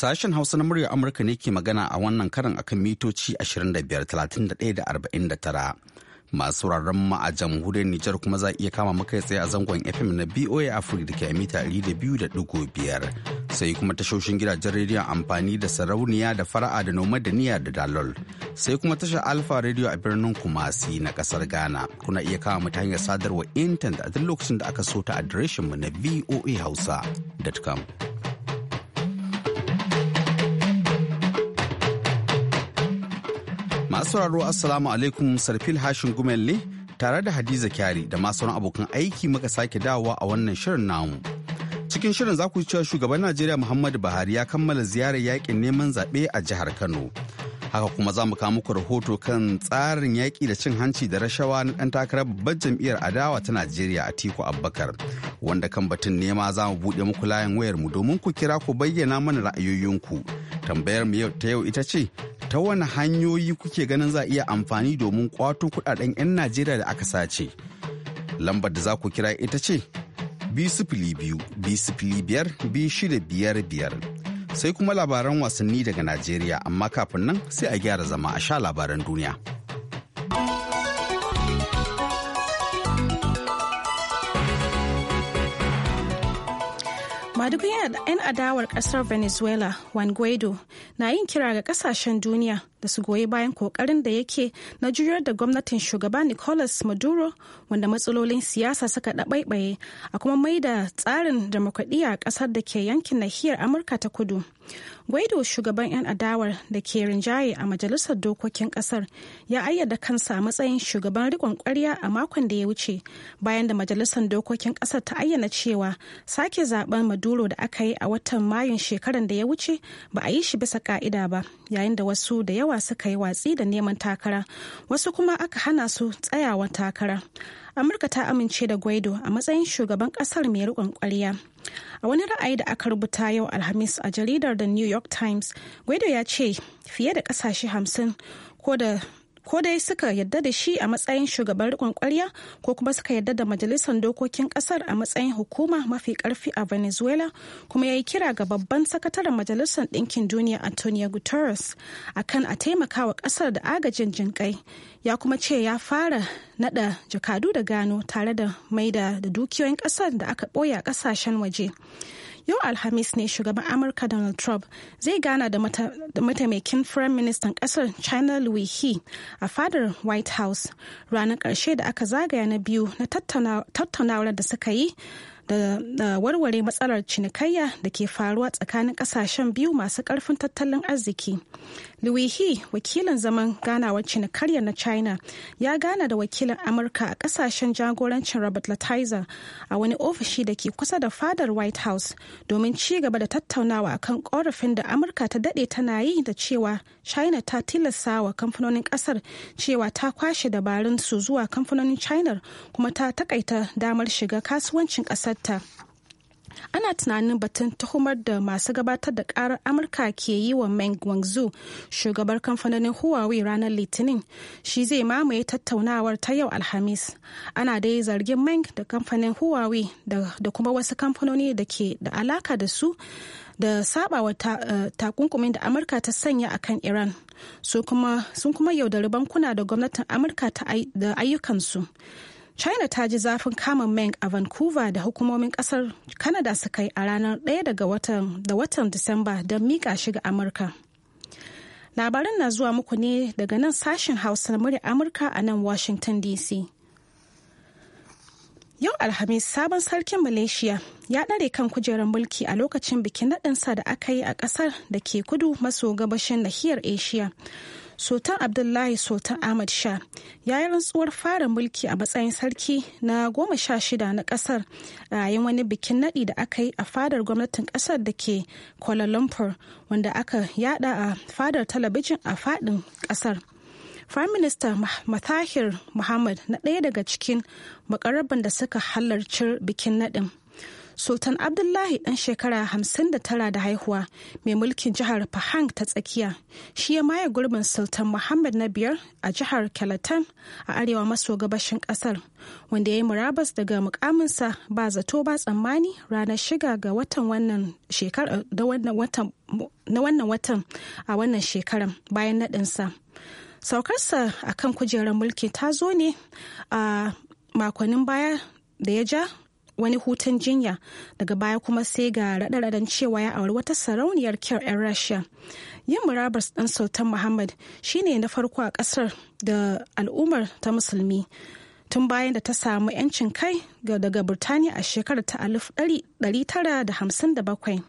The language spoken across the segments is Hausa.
Sashen Hausa na muryar Amurka ne ke magana a wannan karin akan mitoci tara Masu wuraren ma a jamhuriyar Nijar kuma za iya kama maka tsaye a zangon FM na BOA Africa da ke a mita 200.5. Sai kuma tashoshin gidajen rediyon amfani da sarauniya da fara'a da noma da niyya da dalol. Sai kuma tashar Alfa rediyo a birnin Kumasi na kasar Ghana. Kuna iya kama mu ta hanyar sadarwa intanet a duk lokacin da aka so ta mu na voahausa.com. Masu sauraro Assalamu alaikum Sarfil Hashin Gumelle tare da Hadiza Kyari da masu abokan aiki muka sake dawowa a wannan shirin namu. Cikin shirin za ku cewa shugaban Najeriya Muhammadu Buhari ya kammala ziyarar yakin neman zaɓe a jihar Kano. Haka kuma za mu kawo muku rahoto kan tsarin yaƙi da cin hanci da rashawa na ɗan takarar babbar jam'iyyar adawa ta Najeriya a Tiku Abubakar. Wanda kan batun nema za mu buɗe muku layin wayar mu domin ku kira ku bayyana mana ra'ayoyinku. Tambayar mu yau ta yau ita ce ta wani hanyoyi kuke ganin za a iya amfani domin kwato kudaden 'yan najeriya da aka sace lambar da za ku kira ita ce biyar biyar sai kuma labaran wasanni daga najeriya amma kafin nan sai a gyara zama a sha labaran duniya. duk 'yan adawar kasar Venezuela, Juan Guaido, na yin kira ga kasashen duniya da su goyi bayan kokarin da yake na juyar da gwamnatin shugaba nicolas maduro wanda matsalolin siyasa suka ɗabaibaye a kuma mai da tsarin demokradiyya ƙasar da ke yankin nahiyar amurka ta kudu gwaido shugaban 'yan adawar da ke rinjaye a majalisar dokokin ƙasar ya ayyada kansa a matsayin shugaban riƙon ƙwarya a makon da ya wuce bayan da majalisar dokokin ƙasar ta ayyana cewa sake zaben maduro da aka yi a watan mayun shekaran da ya wuce ba a yi shi bisa ka'ida ba yayin da wasu da yawa yawa suka yi watsi da neman takara wasu kuma aka hana su tsayawa takara amurka ta amince da guaido a matsayin shugaban kasar mai rikon kwarya a wani ra'ayi da aka rubuta yau alhamis a jaridar the new york times guaido ya ce fiye da ƙasashe hamsin ko da ko dai suka yadda da shi a matsayin shugaban rikon kwarya ko kuma suka yadda da majalisar dokokin kasar a matsayin hukuma mafi karfi a venezuela kuma ya yi kira ga babban sakataren majalisar ɗinkin duniya antonio guterres kan a taimaka wa kasar da agajin jinƙai ya kuma ce ya fara nada jakadu da gano tare da maida da dukiyoyin kasar da aka ɓoye a ƙasashen waje. yau alhamis ne shugaban amurka donald trump zai gana da mataimakin firayim ministan kasar china louis he a fadar white house ranar karshe da aka zagaya na biyu na tattaunawar da suka yi da warware matsalar cinikayya da ke faruwa tsakanin kasashen biyu masu karfin tattalin arziki Louis He, wakilin zaman ganawar cinikaryar na China, ya gana da wakilin Amurka a kasashen jagorancin Robert Lighthizer a wani ofishi da ke kusa da fadar White House domin ci gaba da tattaunawa akan korafin da Amurka ta dade tana yi da cewa China ta tilasta wa kamfanonin kasar cewa ta kwashe dabarun su zuwa kamfanonin China kuma ta takaita damar shiga kasuwancin kasarta. ta. ana tunanin batun tuhumar da masu gabatar da karar amurka ke yi wa meng wanzu shugabar kamfanonin huawei ranar litinin shi zai mamaye tattaunawar ta yau alhamis ana dai zargin meng da kamfanin huawei da kuma wasu kamfanoni da ke da alaka da su da wa eh, takunkumin da amurka ta sanya a kan iran sun kuma yaudari bankuna da gwamnatin amurka da ayyukansu china ta ji zafin kamun meng a vancouver da hukumomin kasar canada suka yi a ranar 1 daga watan da watan disamba don mika shi ga amurka labaran na zuwa muku ne daga nan sashen hausa na murya amurka a nan washington dc yau alhamis sabon sarkin malaysia ya ɗare kan kujerar mulki a lokacin bikin naɗinsa da aka yi a ƙasar da ke kudu maso gabashin nahiyar asia sultan abdullahi sultan ahmad sha ya yi rantsuwar fara mulki a matsayin sarki na goma sha shida na kasar yayin wani bikin nadi da aka yi a fadar gwamnatin kasar da ke kuala lumpur wanda aka yada a fadar talabijin a fadin kasar Prime Minister Mathahir Muhammad na ɗaya daga cikin makarabin da suka halarci bikin nadin. sultan abdullahi ɗan shekara hamsin da tara da haihuwa mai mulkin jihar pahang ta tsakiya shi ya maye gurbin sultan muhammad na biyar a jihar kelatan a arewa maso gabashin ƙasar wanda ya yi murabas daga mukaminsa ba zato ba tsammani ranar shiga ga watan wannan na wannan watan a wannan shekarar bayan naɗinsa saukarsa a kan kujerar mulki ta zo ne a makonnin baya da ya ja wani hutun jinya daga baya kuma sai ga raɗe cewa ya auri wata sarauniyar kyar 'yan rasha yin murabar ɗan sultan muhammad shine na farko a ƙasar da al'ummar ta musulmi tun bayan da ta samu 'yancin kai daga birtaniya a shekarar ta 1957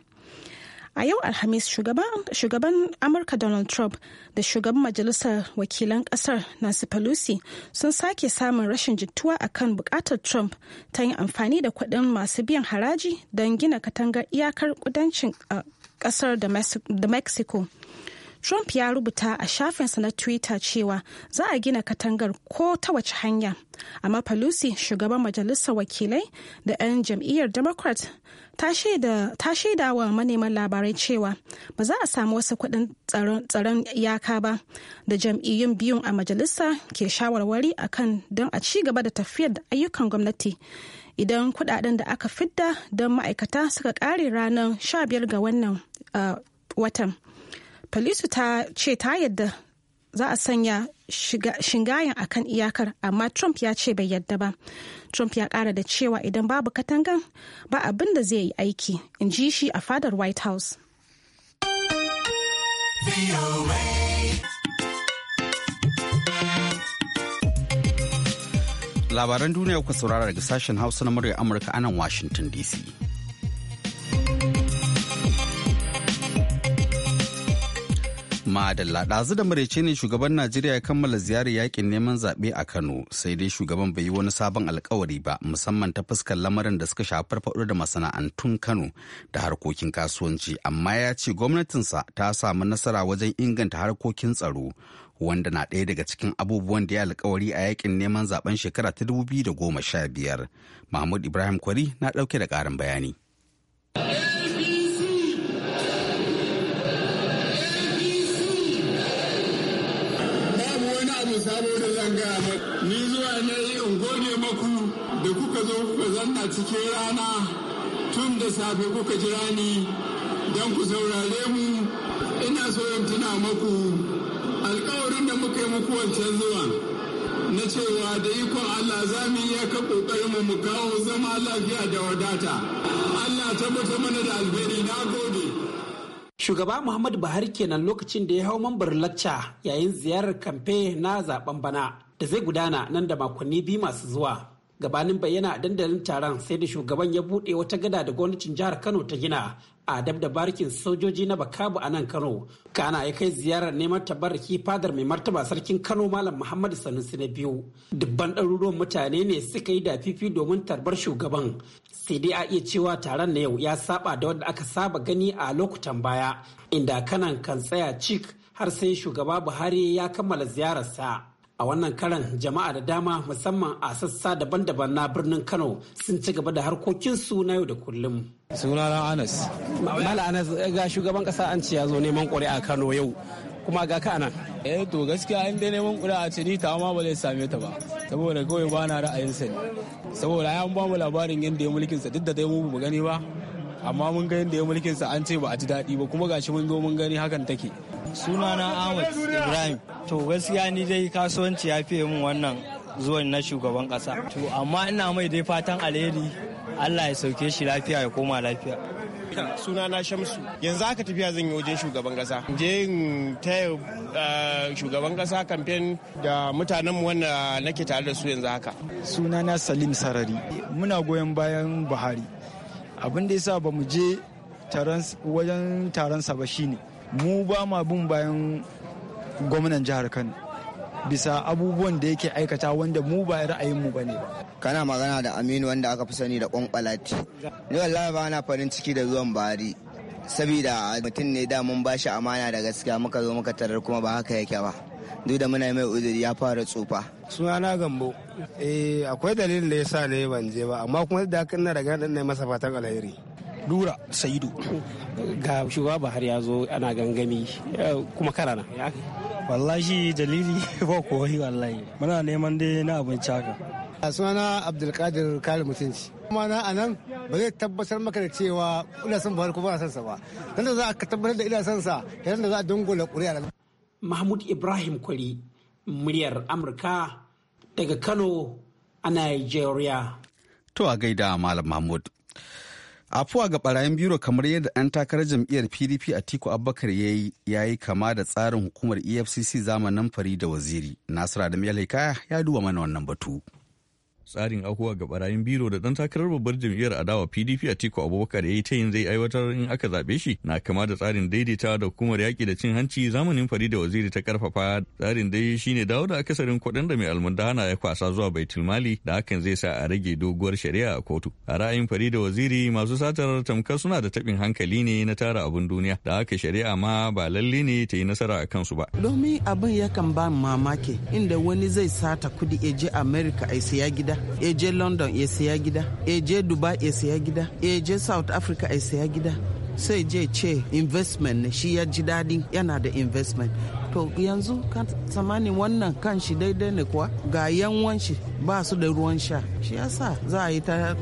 a yau alhamis shugaban amurka donald trump da shugaban majalisar wakilan kasar nancy pelosi sun sake samun rashin jituwa akan bukatar trump ta yin amfani da kuɗin masu biyan haraji don gina katangar iyakar kudancin kasar da mexico Trump ya rubuta a shafinsa na Twitter cewa za a gina katangar ko ta wace hanya. Amma Pelosi, shugaban majalisar wakilai da 'yan jam'iyyar Democrat, ta shaida wa manemar labarai cewa ba za a samu wasu kuɗin tsaron iyaka ba da jam'iyyun biyun a majalisa ke shawarwari kan don a ci gaba da tafiyar da ayyukan gwamnati. idan kudaden da aka fidda don ma'aikata suka kare ranar 15 ga wannan ah, watan Falisu ta ce ta yadda za a sanya shingayen a kan iyakar amma Trump ya ce bai yadda ba. Trump ya kara da cewa idan babu katangan ba abin da zai yi aiki in ji shi a fadar White House. Labaran duniya ku saurara daga sashen Hausa na murya Amurka anan Washington DC. Madalla ɗazu da marece ne shugaban Najeriya ya kammala ziyarar yakin neman zaɓe a Kano sai dai shugaban bai yi wani sabon alkawari ba musamman ta fuskar lamarin da suka shafar faɗo da masana'antun Kano da harkokin kasuwanci amma ya ce gwamnatinsa ta samu nasara wajen inganta harkokin tsaro wanda na ɗaya daga cikin abubuwan da ya alkawari a yakin neman zaben shekara ta 2015. Mahmud Ibrahim Kwari na ɗauke da ƙarin bayani. maku da kuka zo kuka zanna cikin rana tun da safe kuka jira ni don ku saurare mu ina so in tuna maku alkawarin da muka yi muku wancan zuwa na cewa da ikon Allah za mu iya ka kokarin mu kawo zama lafiya da wadata Allah tabbata mana da alheri na gode Shugaba Muhammadu Buhari kenan lokacin da ya hau mambar lacca yayin ziyarar kamfe na zaben bana. da zai gudana nan da makonni biyu masu zuwa. Gabanin bayyana a dandalin taron sai da shugaban ya buɗe wata gada da gwamnatin jihar Kano ta gina a dab da barkin sojoji na Bakabu a nan Kano. Kana ya kai ziyarar neman tabarraki fadar mai martaba sarkin Kano Malam Muhammadu Sanusi na biyu. Dubban ɗaruruwan mutane ne suka yi dafifi domin tarbar shugaban. Sai dai a iya cewa taron na yau ya saba da wanda aka saba gani a lokutan baya, inda kanan kan tsaya cik har sai shugaba Buhari ya kammala ziyararsa. A wannan karan jama'a da dama musamman a sassa daban-daban na birnin Kano sun ci gaba da harkokinsu na yau da kullum. Sunana Anas. Mala Anas ga shugaban kasa an ce ya zo neman ƙuri'a Kano yau kuma ga ka nan. Eh to gaskiya in dai neman ƙuri'a ce ni ta ma ba zai same ta ba saboda kawai ba na ra'ayin sa saboda ya ba mu labarin yadda ya mulkin sa duk da dai mu ba gani ba amma mun ga yadda ya mulkin sa an ce ba a ji daɗi ba kuma gashi mun zo mun gani hakan take. sunana ahmad ibrahim to gaskiya ni dai kasuwanci ya fiye min wannan zuwan na shugaban kasa to amma ina mai dai fatan alheri allah ya sauke shi lafiya ya koma lafiya suna na shamsu yanzu haka tafiya zan yi wajen shugaban kasa je in taya eh, shugaban kasa kamfen da mutanen mu wanda nake tare da su yanzu haka suna na salim sarari muna goyon bayan buhari abin da yasa ba mu je wajen taron sa ba shine mu ba ma bin bayan gwamnan jihar kano bisa abubuwan da yake aikata wanda mu ba ra'ayin mu bane ba. Kana magana da Aminu wanda aka fi sani da kwankwalati. Ni wallahi ba na farin ciki da zuwan bari. Sabida mutum ne da mun shi amana da gaskiya muka zo muka tarar kuma ba haka yake ba. Duk da muna mai uzuri ya fara tsufa. suna na Gambo. Eh akwai dalilin da yasa ne ban je ba amma kuma da haka na da ganin ne masa fatan alheri. Dura Saidu ga shugaba Buhari ya zo ana gangami kuma karana. Wallahi dalili ba koyi wallahi. Muna neman dai na abinci haka. A sunana Abdulkadir Kare Mutunci. Kuma na a nan ba zai tabbatar maka da cewa ina son Buhari ko ba son sa ba. Dan da za a tabbatar da ina son sa, dan da za a dungola ƙuri'a. Mahmud Ibrahim Kwari, muryar Amurka daga Kano a Nigeria. To a gaida Malam Mahmud. afuwa ga barayin biro kamar yadda 'yan takarar jam'iyyar pdp a tiku abubakar ya yi kama da tsarin hukumar efcc zamanin da waziri nasiru adamu ya ya duba mana wannan batu tsarin ahuwa ga barayin biro da dan takarar babbar jam'iyyar adawa pdp a tiku abubakar ya yi ta yin zai aiwatar in aka zaɓe shi na kama da tsarin daidaitawa da hukumar yaƙi da cin hanci zamanin farida waziri ta karfafa tsarin dai shine dawo da akasarin kuɗin da mai almundana ya kwasa zuwa baitul mali da hakan zai sa a rage doguwar shari'a a kotu a ra'ayin farida waziri masu satar tamkar suna da taɓin hankali ne na tara abun duniya da haka shari'a ma ba lalle ne ta yi nasara a kansu ba domin abin yakan ba mamaki inda wani zai sata kudi ya je america a siya gida ya je london ya siya gida ya je dubai ya siya gida ya je south africa ya siya gida sai je ce investment ne shi ya ji daɗi yana da investment to yanzu kan tsammanin wannan kan shi daidai ne kuwa ga yanwan shi ba su da ruwan sha shi yasa za a yi ta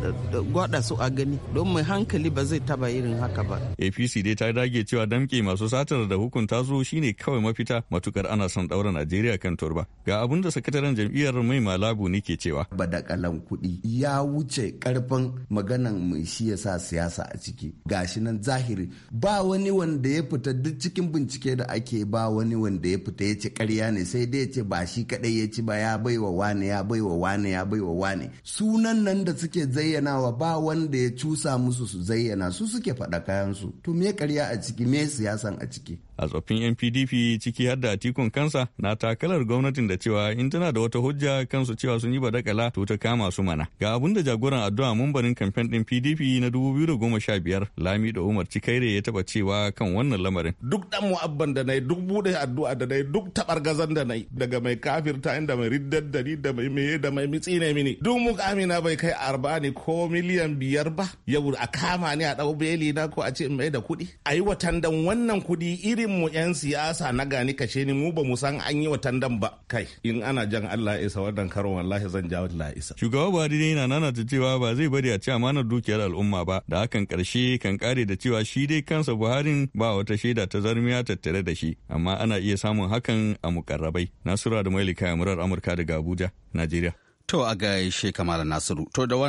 gwada su a gani don mai hankali ba zai taba irin haka ba apc dai ta dage cewa damke masu satar da hukunta zuwa shine kawai mafita matukar ana son daura najeriya kan turba ga abin da sakataren jam'iyyar mai malabu ne ke cewa kalan kuɗi ya wuce karfin maganan mai shi ya sa siyasa a ciki gashi nan zahiri ba wani wanda ya fita duk cikin bincike da ake ba wani wani da ya fita ya ci karya ne sai dai ya ce ba shi kaɗai ya ci ba ya baiwa wane ya baiwa wane ya baiwa wane sunan nan da suke zayyanawa ba wanda ya cusa musu su zayyana su suke faɗa kayansu to me karya a ciki me siyasan a ciki a tsoffin 'yan pdp ciki har da atikun kansa na takalar gwamnatin da cewa in tana da wata hujja kansu cewa sun yi badakala to ta kama su mana ga abun da jagoran addu'a mumbarin kamfen din pdp na 2015 lami da umar cikaire ya taba cewa kan wannan lamarin duk dan mu'abban da nayi duk bude addu'a da nayi duk tabargazan da nayi daga mai kafirta inda mai riddar da da mai meye da mai mitsi ne mini duk mukamina bai kai arba ne ko miliyan biyar ba yau a kama ni a dau beli na ko a ce mai da kuɗi ayi yi watan dan wannan kuɗi iri mu 'yan siyasa na gani kashe ni mu ba mu san an yi wa tandan ba kai in ana jan Allah ya isa wannan karon wallahi zan ja wallahi isa shugaba Buhari dai yana nana ta cewa ba zai bari a ci amanar dukiyar al'umma ba da hakan karshe kan kare da cewa shi dai kansa buhari ba wata shaida ta zarmiya tattare da shi amma ana iya samun hakan a mukarrabai Nasura da Mailika murar Amurka daga Abuja Najeriya to a gaishe Kamal Nasiru to da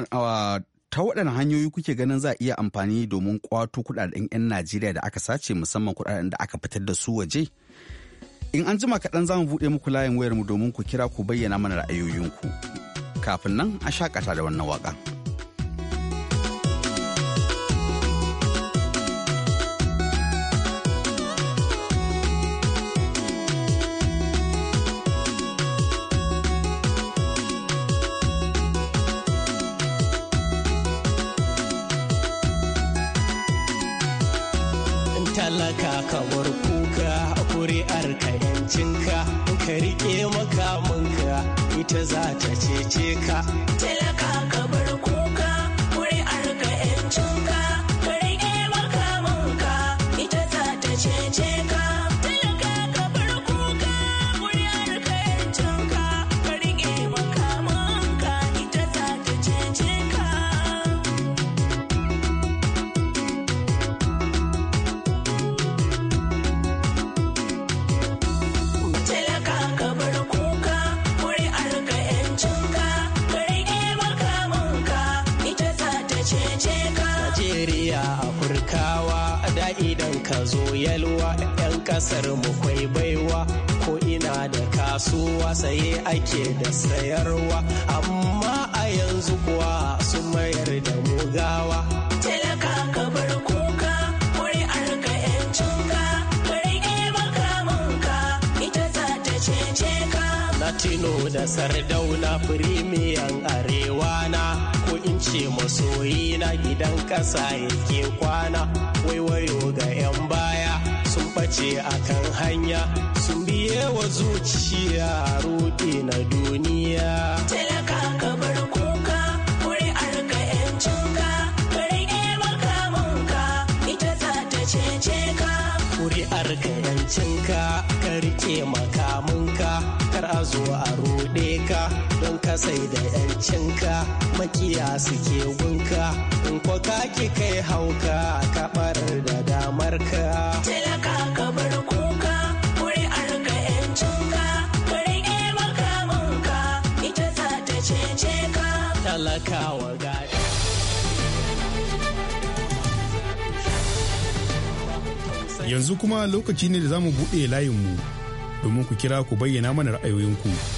ta waɗanne hanyoyi kuke ganin za a iya amfani domin kwato kuɗaɗen 'yan najeriya da aka sace musamman kuɗaɗen da aka fitar da su waje in an jima kaɗan za mu buɗe muku layin wayar mu domin ku kira ku bayyana mana ra'ayoyinku kafin nan a shakata da wannan waƙa. mallaka ka bar kuka kuri'ar ka yancinka ka rike ka, ita za ta cece ka. afirkawa da idan ka zo yalwa 'yan kasar mu kwai baiwa ko ina da kasuwa saye ake da sayarwa amma a yanzu kuwa sun mayar da mugawa talaka ka bar kuka wuri arka 'yancinka ka rike ita za ta cece ka latino da sardauna firimiyan arewa na ko in ce masoyi na gidan ƙasa yake kwana waiwayo ga 'yan baya sun ɓace kan hanya sun biye wa zuciya rudi na duniya. sai da yancinka makiya suke gunka in kwa ki kai hauka kabar da damarka talaka kabar kuka a arga yancinka bari maka munka ita za ta cece ka talakawa gari yanzu kuma lokaci ne da za mu buɗe layinmu domin ku kira ku bayyana mana ra'ayoyinku.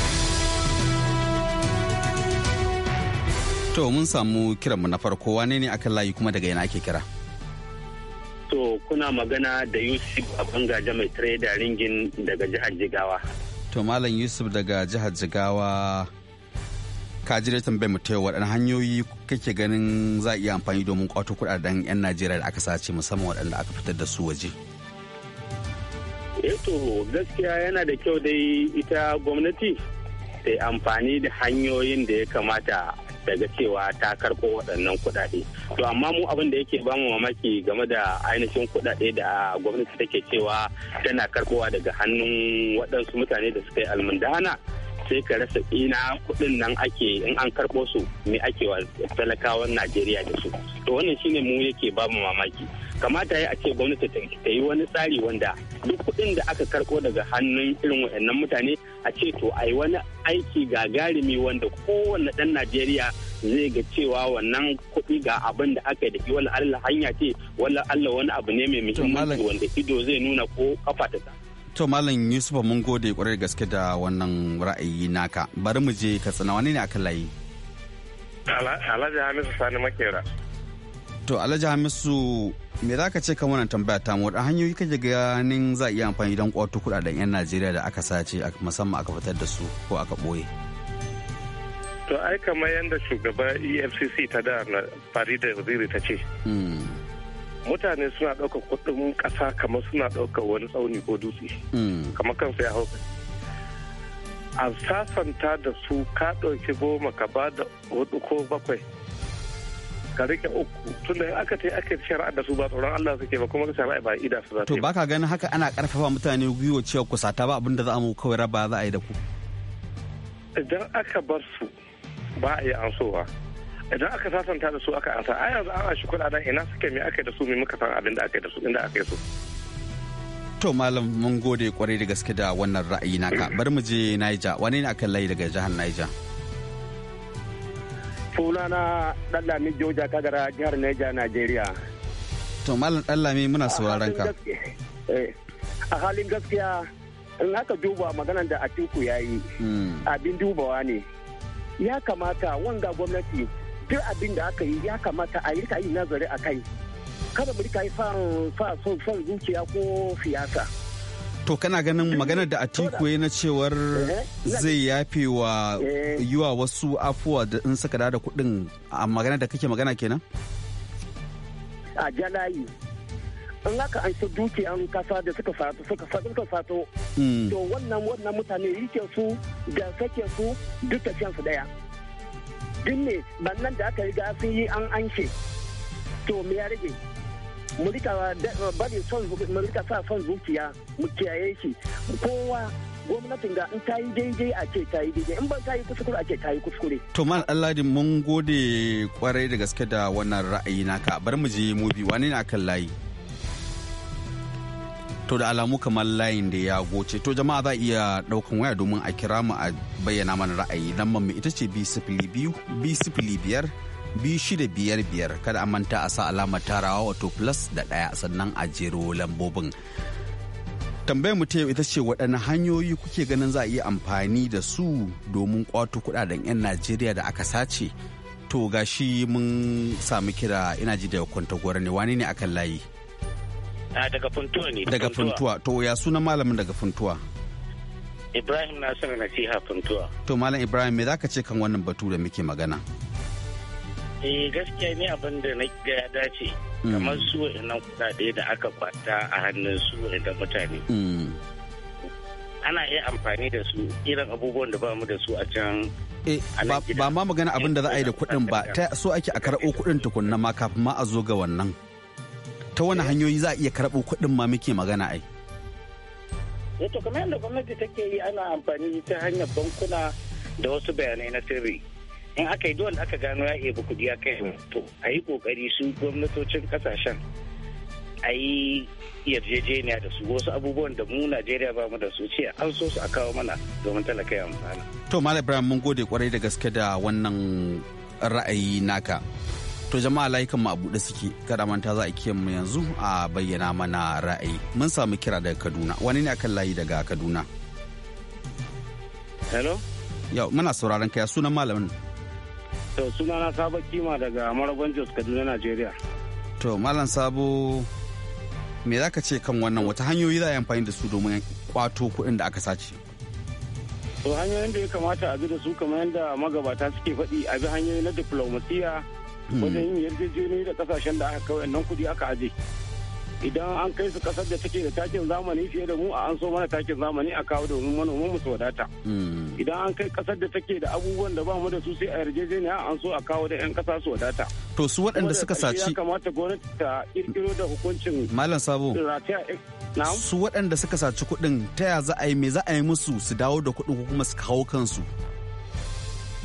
To mun samu kiranmu na farko wane ne akan layi kuma daga yana ake kira? To kuna magana da Yusuf a bangaje mai da ringin daga jihar Jigawa. To Malam Yusuf daga jihar Jigawa ka jira tambayar mu ta yau waɗanne hanyoyi kake ganin za a iya amfani domin kwato kuɗaɗen 'yan Najeriya da aka sace musamman waɗanda aka fitar da su waje. eto eh, gaskiya yana da kyau dai ita gwamnati ta amfani da hanyoyin da ya kamata daga cewa ta karko waɗannan kuɗaɗe to amma mu abin da yake bamu mamaki game da ainihin kuɗaɗe da gwamnati take cewa tana karkowa daga hannun waɗansu mutane da suka yi almundana sai ka rasa ina kuɗin nan ake in an karɓo su me ake wa talakawan najeriya da su to wannan shine mu yake babu mamaki kamata ya a ce gwamnati ta yi wani tsari wanda duk kuɗin da aka karɓo daga hannun irin waɗannan mutane a ce to a yi wani aiki ga gagarumi wanda kowane dan najeriya zai ga cewa wannan kuɗi ga abin da aka yi da wala Allah hanya ce wala Allah wani abu ne mai muhimmanci wanda ido zai nuna ko kafa ta to malam yusuf mun gode kwarai gaske da wannan ra'ayi naka bari mu je katsina wani ne aka layi alhaji hamisu sani makera to alhaji hamisu me za ka ce kan wannan tambaya ta mu da hanyoyi kake ganin za a iya amfani don kwato kudaden yan najeriya da aka sace musamman aka fitar da su ko aka boye to ai kamar yadda shugaba efcc ta da farida ziri ta ce hmm. mutane suna ɗaukar kuɗin ƙasa kamar suna ɗaukar wani tsauni ko dutse hmm. kamar kansu ya hau a sasanta da su ka ɗauki goma ka ba da hudu ko bakwai ka rike uku tun da aka ce aka ce shari'a da su ba tsoron Allah suke ba kuma shari'a ba ida su za to baka ganin haka ana karfafa mutane gwiwa cewa ku sata ba abinda za mu kawai raba za a yi da ku idan aka bar su ba a yi ansowa idan aka sasanta da su aka ansa a yanzu an shi kuɗaɗen ina suke me aka da su me muka san abin da aka da su inda aka su to malam mun gode kwarai da gaske da wannan ra'ayi naka mm. bar mu je Niger wani ne akan layi daga jihar Niger sunana Dallami Joja Kagara jihar Niger Nigeria to malam Dallami muna sauraron ka eh, a halin gaskiya in aka duba maganan da Atiku yayi mm. abin dubawa ne ya kamata wanga gwamnati duk abin da aka yi ya kamata a yi yi nazari a kai kada mu rika yi son son zuciya ko siyasa to kana ganin eh, maganar da atiku na cewar eh, zai yafe wa eh. yiwa wasu afuwa da in suka da kuɗin a maganar da kake magana kenan a jalayi in aka an su dukiyan kasa da suka fato suka fato suka hmm. to wannan wannan mutane yake su da sake su duk tafiyan su daya duk ne bannan da aka riga sun yi an anshe to me ya rage mu rika bari son mu rika sa son zuciya mu kiyaye shi kowa gwamnatin ga in ta yi daidai a ce ta yi daidai in ban ta yi kuskure a ce ta yi kuskure. to man alladin mun gode kwarai da gaske da wannan ra'ayi naka bari mu je mu bi wani na kan layi. to da alamu kamar layin da ya goce to jama'a za iya daukan waya domin a kira mu a bayyana mana ra'ayi lambar mu ita ce b sifili biyu bi shida biyar biyar kada a manta a sa alamar tarawa wato plus da ɗaya sannan a jero lambobin tambayar mu ta yau ita ce waɗanne hanyoyi kuke ganin za a iya amfani da su domin kwato kuɗaɗen 'yan najeriya da aka sace to gashi mun sami kira ina ji da kwanta ne wane ne akan layi Ah, daga funtuwa ne daga funtuwa to ya suna malamin daga funtuwa ibrahim nasiru nasiha funtuwa to malam ibrahim me zaka ce kan wannan batu da muke magana eh gaskiya ne abin da na ga ya dace mm. kamar su wa'annan kudade da aka kwata a hannun su da mutane mm. ana iya amfani da su irin abubuwan da ba mu da su a can eh, ba ma magana abin da za a yi da kuɗin ba ta so ake a karɓo kuɗin tukunna ma kafin ma a zo ga wannan ta wani hanyoyi za a iya karɓo kuɗin ma muke magana ai Wato eh, kamar yadda gwamnati take yi ana amfani ta hanyar bankuna da wasu bayanai na sirri in aka yi duwan aka gano ya iya kuɗi ya kai to a yi ƙoƙari su gwamnatocin ƙasashen a yi yarjejeniya da su wasu abubuwan da mu Najeriya ba mu da su ce an so su a kawo mana domin talaka ya amfana. To Malam Ibrahim mun gode kwarai da gaske da wannan ra'ayi naka. To jama'a layukan mu a buɗe suke kada manta za a kiyan mu yanzu a bayyana mana ra'ayi. Mun samu kira daga Kaduna. Wani ne akan layi daga Kaduna? Hello? Yau muna sauraron kai sunan malamin. To na Sabo Kima daga Maraban Jos Kaduna Najeriya. To Malam Sabo me za ka ce kan wannan wata hanyoyi za a yi amfani da su domin kwato kuɗin da aka sace? To hanyoyin da ya kamata a bi da su kamar yadda magabata suke faɗi a bi hanyoyi na diplomasiya Hmm. wajen yin yarjejeniyoyi da kasashen da aka kawai nan kudi aka aje idan an kai su kasar da take da takin zamani fiye da mu a an so mana takin zamani a kawo domin manoman mu su wadata hmm. idan an kai kasar da take da abubuwan da ba mu da su sai a a an so a kawo da yan kasa su wadata to su waɗanda suka saci ya kamata gwamnati ta kirkiro da hukuncin malam sabo su waɗanda suka saci kuɗin ta ya za a yi me za a yi musu su dawo da kuɗin ko kuma su kawo kansu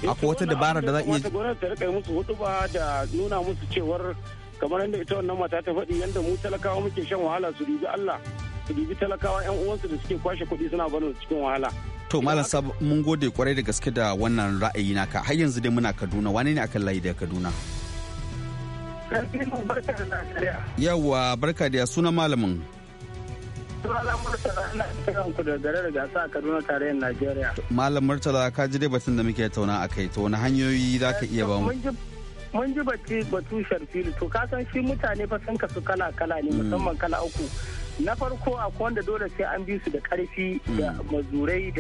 akwai wata dabara da za a iya wata gwamnati ta rika musu hudu ba da nuna musu cewar kamar yadda ita wannan mata ta faɗi yadda mu talakawa muke shan wahala su dubi Allah su dubi talakawa yan uwansu da suke kwashe kuɗi suna barin cikin wahala to malam sab mun gode kwarai da gaske da wannan ra'ayi naka har yanzu dai muna Kaduna wane ne akan layi da Kaduna yawa barka da suna malamin Malam Murtala gasa a Kaduna Najeriya. Malam Murtala ka ji dai batun da muke tauna a kai to wani hanyoyi za ka iya ba mu? Mun ji batu batu sharfilu to ka san shi mutane fa sun kasu kala kala ne hmm. musamman kala uku. Na farko akwai wanda dole sai an bi su da karfi hmm. da mazurai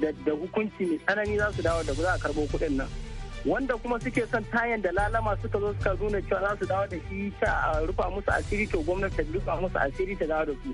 da hukunci mai tsanani za su dawo da ba za a karbo kuɗin nan. wanda kuma suke son tayan da lalama suka zo suka nuna cewa za su dawo da shi ta rufa musu asiri to gwamnati ta rufa musu asiri ta dawo da su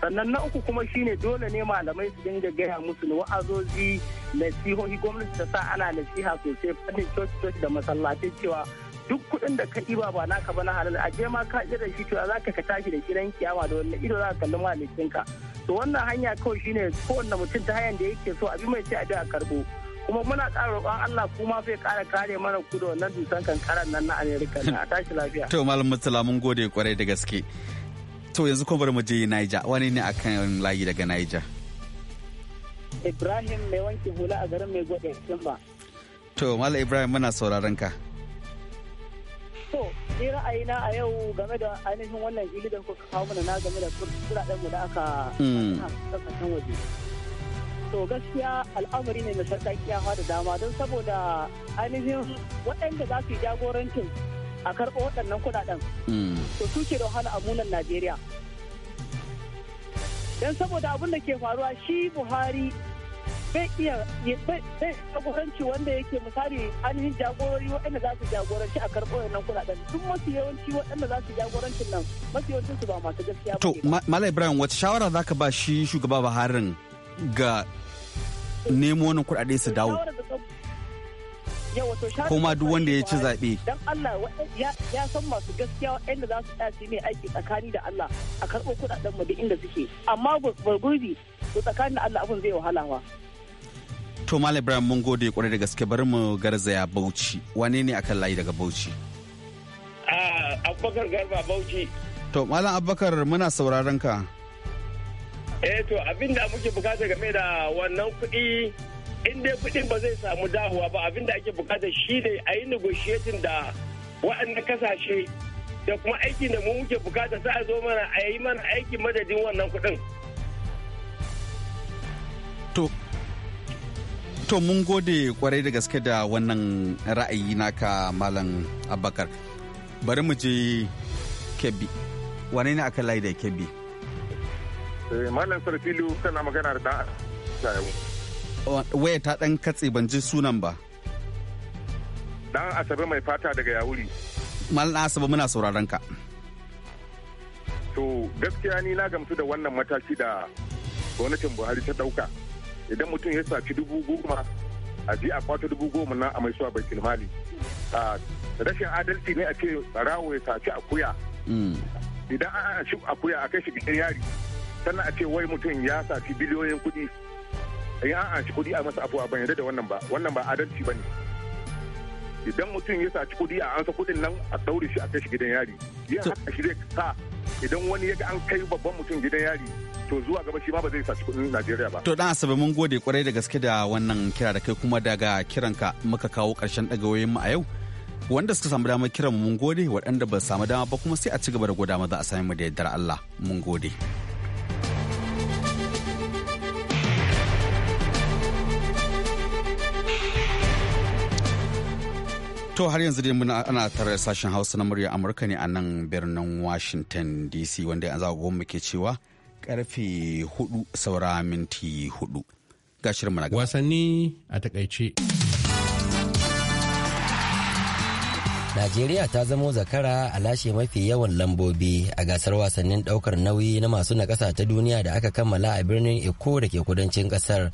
sannan na uku kuma shine dole ne malamai su dinga gaya musu na wa'azozi nasihohi gwamnati ta sa ana nasiha sosai fannin coci coci da masallatai cewa duk kuɗin da ka ɗiba ba naka ba na halal a je ma ka da shi cewa za ka tashi da gidan kiyama da wannan ido za ka kalli ka to wannan hanya kawai shine kowanne mutum ta hanyar da yake so a bi mai sai a bi a karɓo kuma muna ƙara roƙon Allah kuma zai ƙara kare mana ku da wannan dusan kankaran nan na Amerika na a tashi lafiya. To Malam mutsala mun gode kwarai da gaske. To yanzu kuma bari mu je Niger. Wani ne akan layi daga Niger? Ibrahim mai wanke hula a garin mai gwada Simba. To Malam Ibrahim muna sauraron ka. To ni ra'ayina a yau game da ainihin wannan ili da kuka kawo mana na game da kuraɗen mu da aka hmm. kasashen waje. To gaskiya al'amari ne na sarƙaƙiya da dama don saboda ainihin waɗanda za su yi jagorancin a karɓo waɗannan kuɗaɗen hmm. to su ke da wahala a munan najeriya don saboda abin da ke faruwa shi buhari bai iya bai jagoranci wanda yake misali ainihin jagorori waɗanda za su jagoranci a karɓo waɗannan kuɗaɗen duk mafi yawanci waɗanda za su jagorancin nan mafi yawancin su ba masu gaskiya ba to malam ibrahim wata shawara za ka ba shi shugaba buharin ga nemo wani kuɗaɗe su dawo shawara kuma duk wanda ya ci zaɓe. Dan Allah eh, ya san masu gaskiya waɗanda za su ɗaya su ne aiki tsakani da Allah a karɓo kuɗaɗen mu inda suke amma gurgurbi su tsakanin da Allah abin zai wahala wa. To Malam Ibrahim mun gode kwarai da gaske bari mu garzaya Bauchi wane ne akan layi daga Bauchi? Ah, Abubakar Garba Bauchi. To Malam Abubakar muna sauraron ka. Eh to abinda muke bukata game da wannan kuɗi in dai kuɗin ba zai samu dawowa ba abinda da ake bukata shine a yi negotiating da waɗannan kasashe da kuma aikin da mu muke bukata sai a zo mana a yi mana aikin madadin wannan kuɗin. To, mun gode kwarai da gaske da wannan ra'ayi naka malam abakar bari mu je kebbi wane ne aka layi da kebbi eh, malam sarfilu kana magana da ɗan waya ta dan katse ban ji sunan ba dan asabe mai fata daga yawuri malam asabe muna sauraron ka to gaskiya ni na gamsu da wannan mataki da gwamnatin buhari ta dauka idan mutum ya saci dubu goma a ji a kwato dubu goma na a mai suwa bai kilmali. rashin adalci ne a ce rawo ya saki akuya mm. idan an shi akuya a kai shi bikin yari sannan a ce wai mutum ya saci biliyoyin kuɗi yi an ci kudi a masa abu a bayyana da wannan ba wannan ba adalci ba ne idan mutum ya saci kudi a ansa kuɗin nan a daure shi a kai shi gidan yari ya haka shi zai sa idan wani ya ga an kai babban mutum gidan yari to zuwa gaba shi ma ba zai saci kuɗin Najeriya ba. To dan Asabe mun gode kwarai da gaske da wannan kira da kai kuma daga kiranka muka kawo karshen daga wayoyin mu a yau. Wanda suka samu damar kiran mun gode waɗanda ba samu dama ba kuma sai a ci gaba da gwada maza a sami mu da yardar Allah mun gode. To har yanzu dai muna ana tare sashen Hausa na murya Amurka ne a nan birnin Washington DC wanda yanzu agogon muke cewa karfe hudu saura minti hudu. Gashir muna Wasanni a takaice. Najeriya ta zamo zakara a lashe mafi yawan lambobi a gasar wasannin daukar nauyi na masu nakasa ta duniya da aka kammala a birnin Eko da ke kudancin kasar.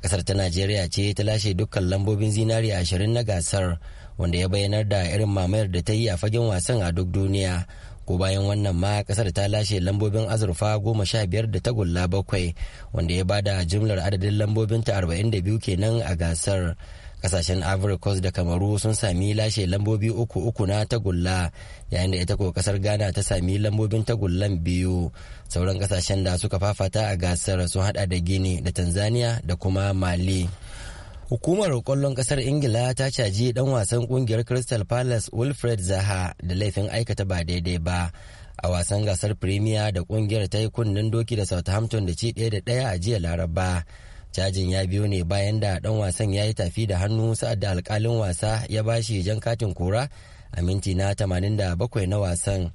Kasar ta Najeriya ce ta lashe dukkan lambobin zinari ashirin na gasar. wanda ya bayyanar da irin mamayar da ta yi a fagen wasan a duk duniya ko bayan wannan ma kasar ta lashe lambobin azurfa goma sha biyar da tagulla bakwai wanda ya bada jimlar adadin lambobin ta arba'in da biyu kenan a gasar kasashen ivory coast da kamaru sun sami lashe lambobi uku uku na tagulla yayin da ita ko kasar ghana ta sami lambobin tagullan biyu sauran kasashen da suka fafata a gasar sun hada da gini da tanzania da kuma mali Hukumar kwallon kasar Ingila ta caji dan wasan kungiyar Crystal Palace Wilfred Zaha da laifin aikata ba daidai ba a wasan gasar Premier da kungiyar ta yi kunnen doki da Southampton da ci ɗaya da ɗaya a jiya Laraba. Cajin ya biyo ne bayan da dan wasan ya yi tafi da hannu sa'ad da alkalin wasa ya bashi jan katin kora a minti na 87 na wasan.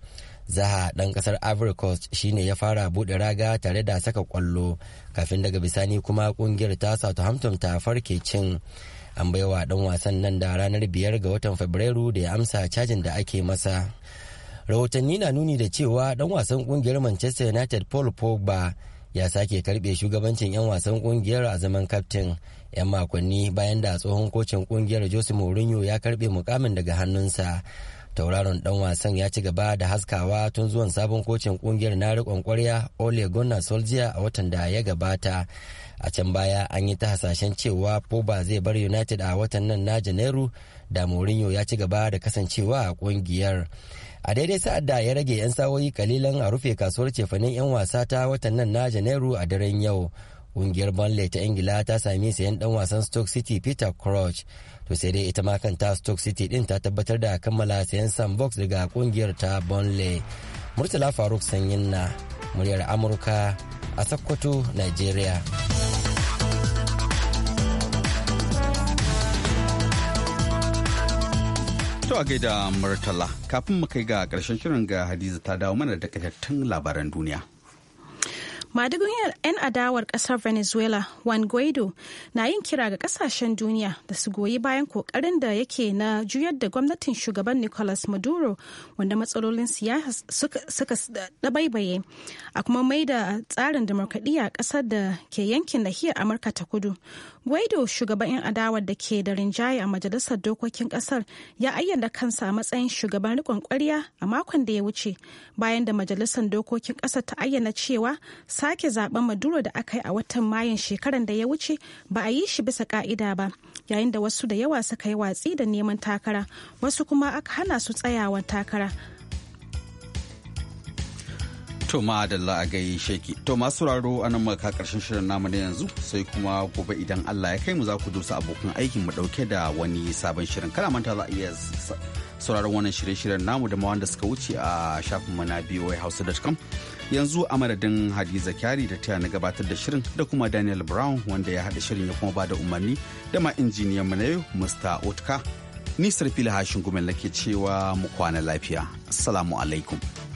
zaha dan kasar ivory coast shine ya fara bude raga tare da saka kwallo kafin daga bisani kuma kungiyar ta southampton ta farke cin an baiwa dan wasan nan da ranar biyar ga watan fabrairu da ya amsa cajin da ake masa rahotanni na nuni da cewa dan wasan kungiyar manchester united paul pogba ya sake karbe shugabancin 'yan wasan kungiyar a zaman kaftin 'yan makonni bayan da tsohon kocin kungiyar jose mourinho ya karbe mukamin daga hannunsa tauraron dan wasan ya ci gaba da haskawa tun zuwan sabon kocin kungiyar na rikon kwarya ole gunnar soldier a watan da ya gabata a can baya an yi ta hasashen cewa poba zai bar United a watan nan na Janairu da Mourinho ya ci gaba da kasancewa a kungiyar. A daidai sa'ad da ya rage 'yan sawoyi kalilan a rufe kasuwar cefanen 'yan wasa ta watan nan na Janairu a daren yau. ƙungiyar Burnley ta Ingila ta sami sayan dan wasan Stoke City Peter Crouch to sai dai ita ma kanta stoke city din ta tabbatar da kammala sayan sandbox daga kungiyar ta burnley murtala faruk sanyin na muryar amurka a sokoto nigeria To a gaida Murtala, kafin mu kai ga karshen shirin ga Hadiza ta dawo mana da takaitattun labaran duniya. madugun 'yan adawar kasar venezuela juan guaido na yin kira ga kasashen duniya da su goyi bayan kokarin da yake na juyar da gwamnatin shugaban nicolas maduro wanda matsalolin siyasa suka dabaibaye a kuma mai da tsarin demokradiyya kasar da ke yankin nahiyar amurka ta kudu Guaido shugaban adawar da ke da rinjaye a majalisar dokokin kasar ya ayyana kansa a matsayin shugaban rikon kwarya a makon da ya wuce bayan da majalisar dokokin kasar ta ayyana cewa sake zaben maduro da aka yi a watan mayun shekaran da ya wuce ba a yi shi bisa ka'ida ba yayin da wasu da yawa suka yi watsi da neman takara wasu kuma aka hana su tsayawa takara To ma adalla a gai sheki. To masu sauraro a nan maka karshen shirin namu na yanzu sai kuma gobe idan Allah ya kai mu za ku dusa abokan aikin mu dauke da wani sabon shirin. Kana manta za a iya sauraron wannan shirye-shiryen namu da ma wanda suka wuce a shafin mu na boyhouse.com. Yanzu a madadin Hadiza Kyari da taya na gabatar da shirin da kuma Daniel Brown wanda ya haɗa shirin ya kuma ba da umarni da ma injiniyan mu na yau Mr. Otka. Nisar fili hashin gumel nake cewa mu kwana lafiya. Assalamu alaikum.